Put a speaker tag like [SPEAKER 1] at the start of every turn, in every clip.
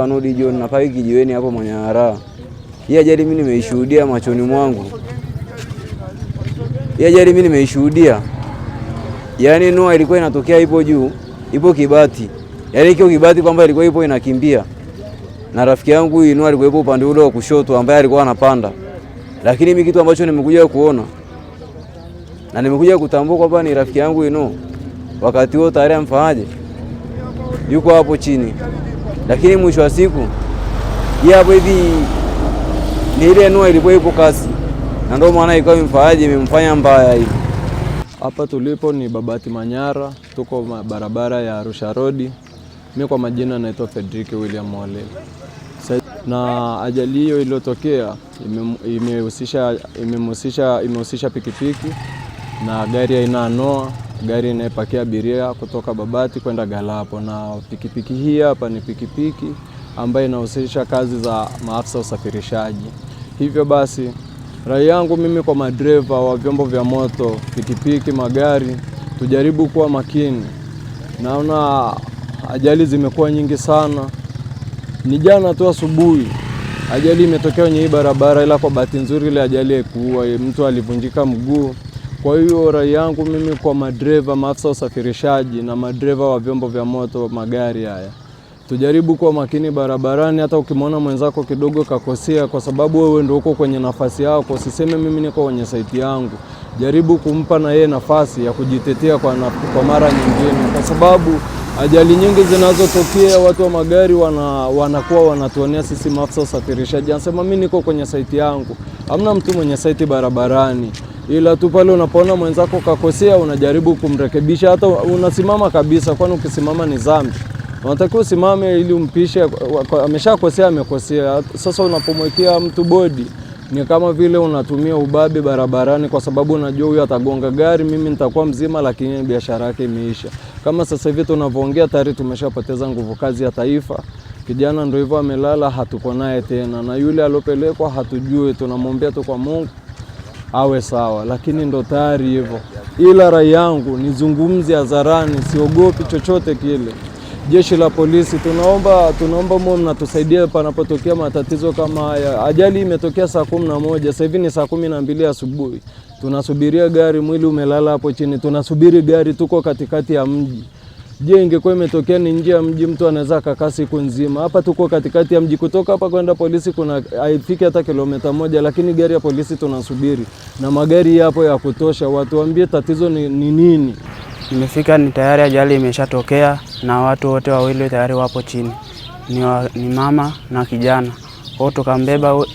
[SPEAKER 1] anaitwa Anodi John napaki kijiweni hapo Manyara. Hii ajali mimi nimeishuhudia machoni mwangu, hii ajali mimi nimeishuhudia. Yaani noa ilikuwa inatokea ipo juu, ipo Kibati, yaani hiyo Kibati kwamba ilikuwa ipo inakimbia, na rafiki yangu noa alikuwa ipo upande ule wa kushoto, ambaye alikuwa anapanda. Lakini mimi kitu ambacho nimekuja kuona na nimekuja kutambua kwamba ni rafiki yangu ino, wakati huo tayari amfahaje? yuko hapo chini lakini mwisho wa siku ye hapo hivi ni ile nua ilikuwa ipo kasi, na ndio maana ikawa imfaaje imemfanya mbaya hivi.
[SPEAKER 2] Hapa tulipo ni Babati Manyara, tuko barabara ya Arusha Road. Mimi kwa majina naitwa Frederick William Mole. Na ajali hiyo iliyotokea imehusisha imehusisha imehusisha pikipiki na gari aina ya Noah gari inayepakia abiria kutoka Babati kwenda Galapo, na pikipiki hii hapa ni pikipiki ambayo inahusisha kazi za maafisa usafirishaji. Hivyo basi, rai yangu mimi kwa madereva wa vyombo vya moto, pikipiki, magari, tujaribu kuwa makini. Naona ajali zimekuwa nyingi sana. Ni jana tu asubuhi ajali imetokea kwenye hii barabara, ila kwa bahati nzuri ile ajali haikuua mtu, alivunjika mguu. Kwa hiyo rai yangu mimi kwa madereva, maafisa usafirishaji na madereva wa vyombo vya moto, magari haya, tujaribu kuwa makini barabarani. Hata ukimwona mwenzako kidogo kakosea, kwa sababu wewe ndio uko kwenye nafasi yako, usiseme mimi niko kwenye saiti yangu. Jaribu kumpa na yeye nafasi ya kujitetea kwa, na, kwa mara nyingine, kwa sababu ajali nyingi zinazotokea watu wa magari wana, wanakuwa wanatuonea sisi maafisa usafirishaji, anasema mimi niko kwenye saiti yangu. Hamna mtu mwenye saiti barabarani, ila tu pale unapoona mwenzako kakosea, unajaribu kumrekebisha, hata unasimama kabisa, kwani ukisimama ni dhambi. Unatakiwa usimame ili umpishe. Ameshakosea, amekosea. Sasa unapomwekea mtu bodi ni kama vile unatumia ubabe barabarani, kwa sababu unajua huyu atagonga gari, mimi nitakuwa mzima, lakini biashara yake imeisha. Kama sasa hivi tunavyoongea, tayari tumeshapoteza nguvu kazi ya taifa. Kijana ndio hivyo amelala, hatuko naye tena, na yule aliopelekwa hatujui, tunamwombea tu kwa Mungu awe sawa, lakini ndo tayari hivyo. Ila rai yangu nizungumze hadharani, siogopi chochote kile. Jeshi la polisi, tunaomba tunaomba mwe mnatusaidia panapotokea matatizo kama haya. Ajali imetokea saa kumi na moja sasa hivi ni saa kumi na mbili asubuhi, tunasubiria gari, mwili umelala hapo chini, tunasubiri gari, tuko katikati ya mji. Je, ingekuwa imetokea ni nje ya mji, mtu anaweza akakaa siku nzima. Hapa tuko katikati ya mji, kutoka hapa kwenda polisi kuna haifiki hata kilomita moja, lakini gari ya polisi tunasubiri na magari yapo ya kutosha. Watuambie tatizo ni, ni nini?
[SPEAKER 3] imefika ni tayari ajali imeshatokea na watu wote wawili tayari wapo chini, ni, wa, ni mama na kijana kwao, tukambeba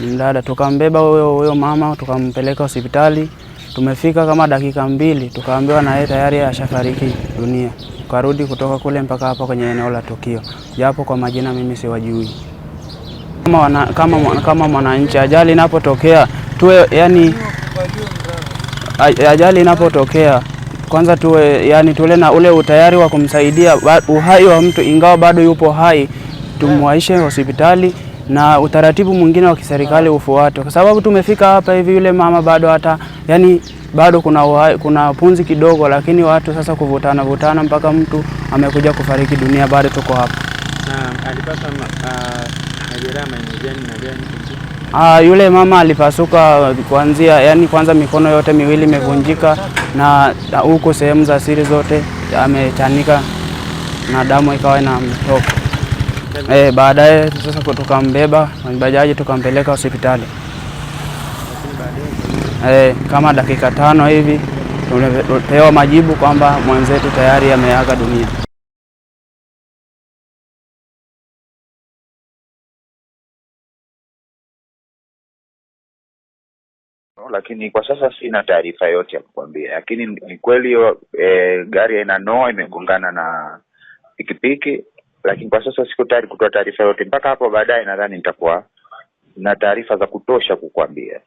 [SPEAKER 3] mdada, tukambeba huyo huyo mama tukampeleka hospitali Tumefika kama dakika mbili, tukaambiwa na yeye tayari ashafariki dunia. Tukarudi kutoka kule mpaka hapa kwenye eneo la tukio, japo kwa majina mimi siwajui. Kama, wana, kama, kama mwananchi ajali inapotokea tuwe yani, ajali inapotokea kwanza tuwe yani, tuwe na ule utayari wa kumsaidia uhai wa mtu ingawa bado yupo hai, tumwaishe hospitali na utaratibu mwingine wa kiserikali ufuate kwa sababu tumefika hapa hivi, yule mama bado hata yani bado kuna, kuna punzi kidogo, lakini watu sasa kuvutana vutana mpaka mtu amekuja kufariki dunia, bado tuko hapa.
[SPEAKER 4] Uh, na
[SPEAKER 3] Ah, yule mama alipasuka kuanzia, yani kwanza mikono yote miwili imevunjika na huko sehemu za siri zote amechanika na damu ikawa inamtoka. Eh, baadaye sasa tukambeba kwenye bajaji tukampeleka hospitali eh, kama dakika tano hivi tumepewa majibu kwamba mwenzetu tayari ameaga dunia.
[SPEAKER 5] Lakini kwa sasa sina taarifa yote ya kukwambia, lakini ni kweli e, gari aina noa imegongana na pikipiki, lakini kwa sasa siko tayari kutoa taarifa yote mpaka hapo baadaye. Nadhani nitakuwa na taarifa za kutosha kukwambia.